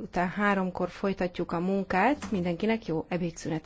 Után háromkor folytatjuk a munkát. Mindenkinek jó ebédszünetet!